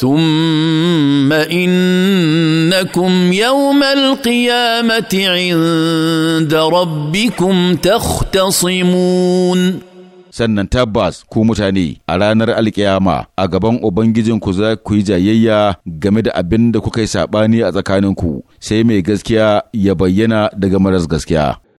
ثم انكم يوم القيامه عند ربكم تختصمون sannan tabbas ku mutane a ranar alkiyama a gaban ubangijinku za ku yi jayayya game da abin da kuka yi saɓani a tsakaninku sai mai gaskiya ya bayyana daga maras gaskiya